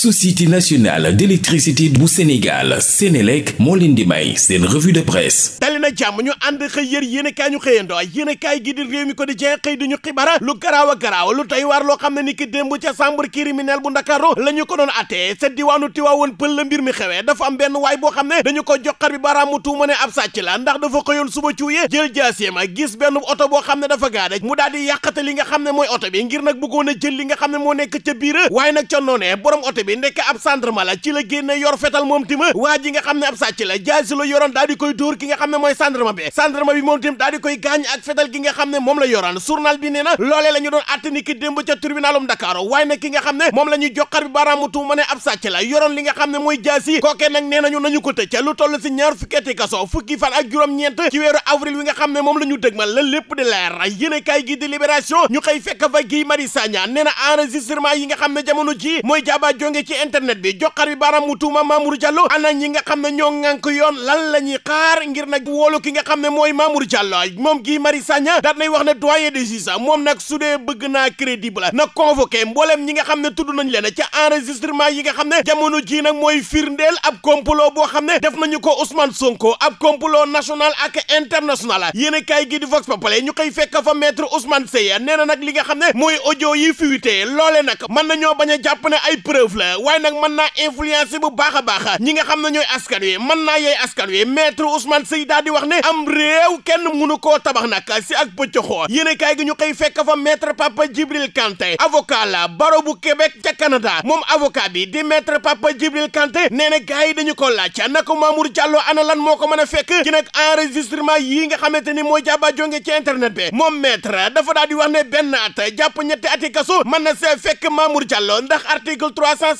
société nationale d'électricité bu Sénégal Sénélec moo leen di may seen revue de presse tali na jàmm ñu ànd xëy yër yéenekaay ñu xëyandoo yéenekaay gi di réew mi ko di jeex xëy di ñu xibara lu garaaw a garaaw lu tey waar loo xam ne ni ki démb ca chambre criminelle bu Ndakaaru la ñu ko doon attee sa diwaanu Tiwaawoon pël la mbir mi xewee dafa am benn waay boo xam ne dañu ko joxar bi baraamu tuuma ne ab sàcc la ndax dafa xëyoon suba cuuyee jël jaaseema benn oto boo xam ne dafa gaade mu daal di yàqate li nga xam ne mooy oto bi ngir nag bëggoon li nga xam ne moo nekk ca biir waaye nag ca bi ndekk ab gendarme la ci la génne yor fetal moom tima waa ji nga xam ne ab sàcc la jaasi yoroon daal di ki nga xam ne mooy gendarme bi gendarme bi moom tim daal gi nga xam ne moom la yoroon journal bi nee na loolee la ñu doon àtte ni moom la ñuy joxar bi baaraamu tuuma ne ab sàcc la yoroon li nga xam ne mooy jaasi kookee nag nee nañu nañu ko tëj lu toll si ñaar fukki ati fukki fan ak juróom-ñeent ci weeru avril wi nga xam ne moom la ñu dëgmal la lépp di leer yéenekaay gi di Libération ñu xëy fekk fa Guy Marius Sagna nee na enregistrement yi nga xam ne jamono mooy jaaba jonge génne ci internet bi joxar bi baaraam mu tuuma Mamour Diallo ana ñi nga xam ne ñoo ŋànk yoon lan la xaar ngir nag woolu ki nga xam ne mooy Mamour a moom Guy Marius Sagna daat nay wax ne doyen des juges moom nag su bëgg naa crédible na convoqué mbooleem ñi nga xam ne tudd nañ leen ca enregistrement yi nga xam ne jamono ji nag mooy firndeel ab complot boo xam ne def nañu ko Ousmane Sonko ab complot national ak international na nag li nga xam ne mooy audio yi fuité loole nag mën nañoo bañ a jàpp ne ay Eh, waaye nag mën naa influencer bu baax a baax ñi nga xam ne ñooy askan wi mën naa yey askan wi maître Ousmane Seye daal di wax ne am réew kenn nu koo tabax nag si ak pëccëxoo yéen kaay gi ñu koy fekk fa maître Papa Djibril Kanté avocat la baro bu Québec ca Canada moom avocat bi di maître Papa Djibril Kanté nee na gars yi dañu ko laaj naka Mamour Diallo ana lan moo ko mën a fekk ci nag enregistrement yii nga xam xamante ni mooy jàpp a jóge ci internet bi moom maître dafa daal di wax ne benn at jàpp ñetti ati na see fekk Mamour Diallo ndax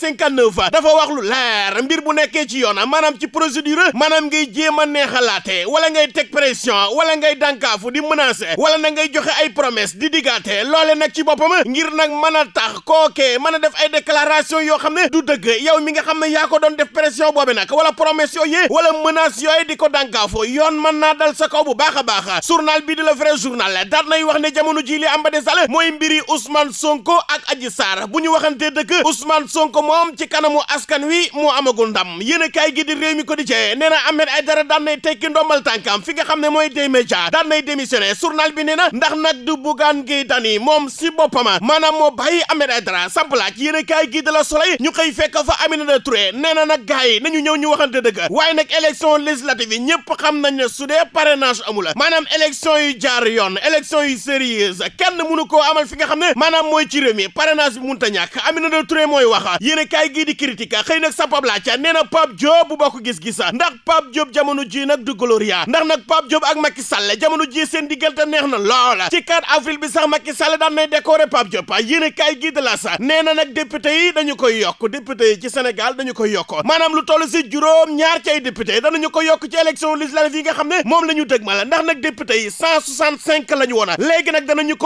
159 dafa wax lu leer mbir bu nekkee ci yoon maanaam ci procédure maanaam ngay jéem a neexalaate wala ngay teg pression wala ngay dànkaafu di menacer wala na ngay joxe ay promesse di diggaate loole nag ci boppam ngir nag mën a tax kookee mën a def ay déclaration yoo xam ne du dëgg yow mi nga xam ne yaa ko doon def pression boobe nag wala promesse yooyu wala menace yooyu di ko dànkaafu yoon mën naa dal sa kaw bu baax a baax journal bi di le vrai journal daat nay wax ne jamono ji li am ba desal mooy mbiri Ousmane Sonko ak Adji Sarr bu ñu waxantee dëgg Ousmane Sonko moom ci kanamu askan wi moo amagul ndam yéen a kaay gi di réew mi ko di cee nee na Ahmed Aïdara daan nay tekki ndombal tànkam fi nga xam ne mooy des médias daan nay démissionné journal bi nee na ndax nag du Bougane Gueye Dany moom si boppama maanaam moo bàyyi Ahmed Aïdara sampalaaj yéen a kaay gi de la Soleil ñu xëy fekk fa Aminata Touré nee na nag gars yi nañu ñu waxante dëgg waaye nag élection législative yi ñëpp xam nañ ne su dee parrainage amula maanaam élection yu jaar yoon élection yu sérieuse kenn mënu koo amal fi nga xam ne maanaam mooy ci réew mi a ñàkk Aminata Touré yéene kaay gii di critique xëy nag sa Pape laa ca nee na Pape Diop bu bokk gis-gisa ndax Pape Diop jamono ji nag du gloria ndax nag Pape Diop ak Macky Sall jamono ji seen diggante neex na loola ci 4 avril bi sax Macky Sall daan nay décorer Pape Diop yéene kaay gii di la sa nee nag député yi dañu koy yokk député yi ci Sénégal dañu koy yokk maanaam lu toll si juróom ñaar ci ay député danañu ko yokk ci élection législative yi nga xam ne moom la ñu dëg ma la ndax nag député yi 165 la ñu woon léegi nag danañu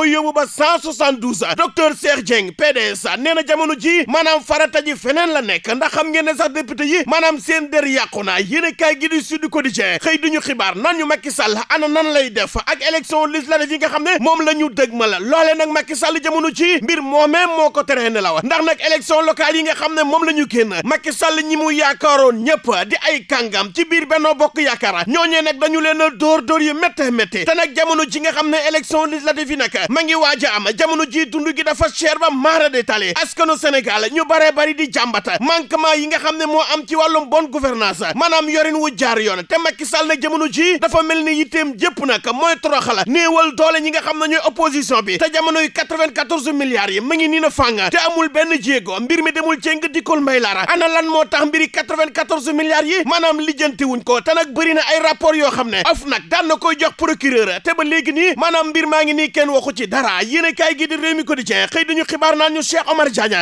ji ji feneen la nekk ndax xam ngeen ne sax député yi maanaam seen der yàqu na yéen a kaay gi di Sud Quotidien xëy duñu xibaar nan ñu Macky Sall ana nan lay def ak élection législative yi nga xam ne moom la ñu dëgmal loole nag Macky Sall jamono ci mbir moomee moo ko teree ne law ndax nag élection locale yi nga xam ne moom la ñu génn Macky Sall ñi mu yaakaaroon ñëpp di ay kàngam ci biir Benno Bokk Yaakaar ñooñee nag dañu leen a dóor dóor yu métte métte te nag jamono ji nga xam ne élection législative yi nag ma ngi waaj am jamono ji dund gi dafa ba maara de tale askanu Sénégal bari di jàmbata manquement yi nga xam ne moo am ci wàllum bonne gouvernance maanaam yorin wu jaar yoon te Macky Sall na jamono ji dafa mel ni yitteem jëpp nag mooy toroxal néewal doole ñi nga xam ne ñooy opposition bi te jamonoy 94 milliards yi mu ngi nii na fàng te amul benn jéego mbir mi demul ceng dikkul mbay laara ana lan moo tax mbiri 94 milliards yi maanaam lijjanti wuñ ko te nag bëri na ay rapport yoo xam ne af nag daan na koy jox procureur te ba léegi nii maanaam maa ngi nii kenn waxu ci dara yéen a kaay gi di réew mi ko di cee xëy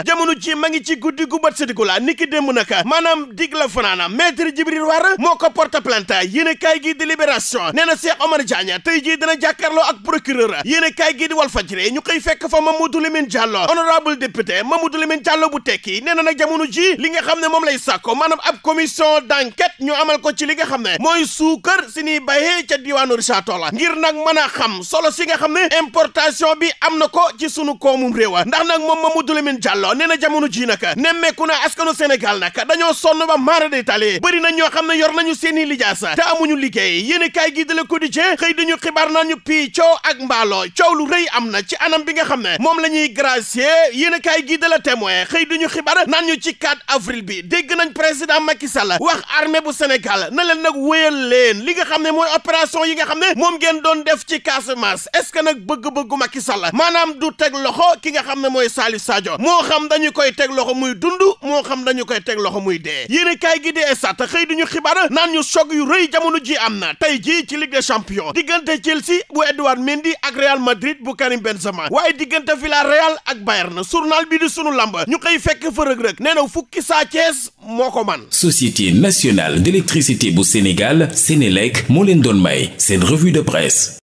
jamono ji ma ngi di gu bët séddiku la niki démb naka maanaam dig la fanaana maître Djibril War moo ko porte plainte yéene kaay gi di libération nee na Cheikh Omar Diagne tey jii dina jàkkaarloo ak procureur yéene kaay gi di Walf Fadjri ñu koy fekk fa Mamadou Lamine Diallo honorable député Mamadou Lamine Diallo bu tekki nee na nag jamono ji li nga xam ne moom lay sàkko maanaam ab commission d'enquête ñu amal ko ci li nga xam ne mooy suukar si ñuy bayee ca diwaanu Richard ngir nag mën a xam solo si nga xam ne importation bi am na ko ci sunu koomum réewa ndax nag moom Mamadou Lamine Diallo nee na jamono ji naka nemmeeku na askanu Sénégal nag dañoo sonn ba maara de tali bëri na ñoo xam ne yor nañu seeni lijaasa te amuñu liggéey yéen kaay gi de Le Quotidien xëy dañu ñu naa ñu pii coow ak mbaaloo coow lu rëy am na ci anam bi nga xam ne moom la ñuy gracier yéen kaay gi de Le Témoin xëy dañu xibaar naan ñu ci 4 avril bi dégg nañ président Macky Sall wax armée bu Sénégal na leen nag wéyal leen li nga xam ne mooy opération yi nga xam ne moom ngeen doon def ci Casamance est-ce que nag bëgg-bëggu Macky maanaam du teg loxo ki nga xam ne mooy Salif Sadio moo xam dañu koy teg loxo muy koy moo xam dañu koy teg loxo muy dee yéene kaay gi di estat xëy duñu xibaar naan ñu choc yu rëy jamono ji am na tey jii ci Ligue des Champions diggante Chelsea bu Edouard Mendy ak Real Madrid bu Karim Benzema waaye diggante Villarreal ak Bayern journal bi di sunu lamb ñu koy fekk fa rëg nee na fukki saa Cees moo ko man Société nationale d'électricité bu Sénégal Sénélec moo leen doon may seen revue de presse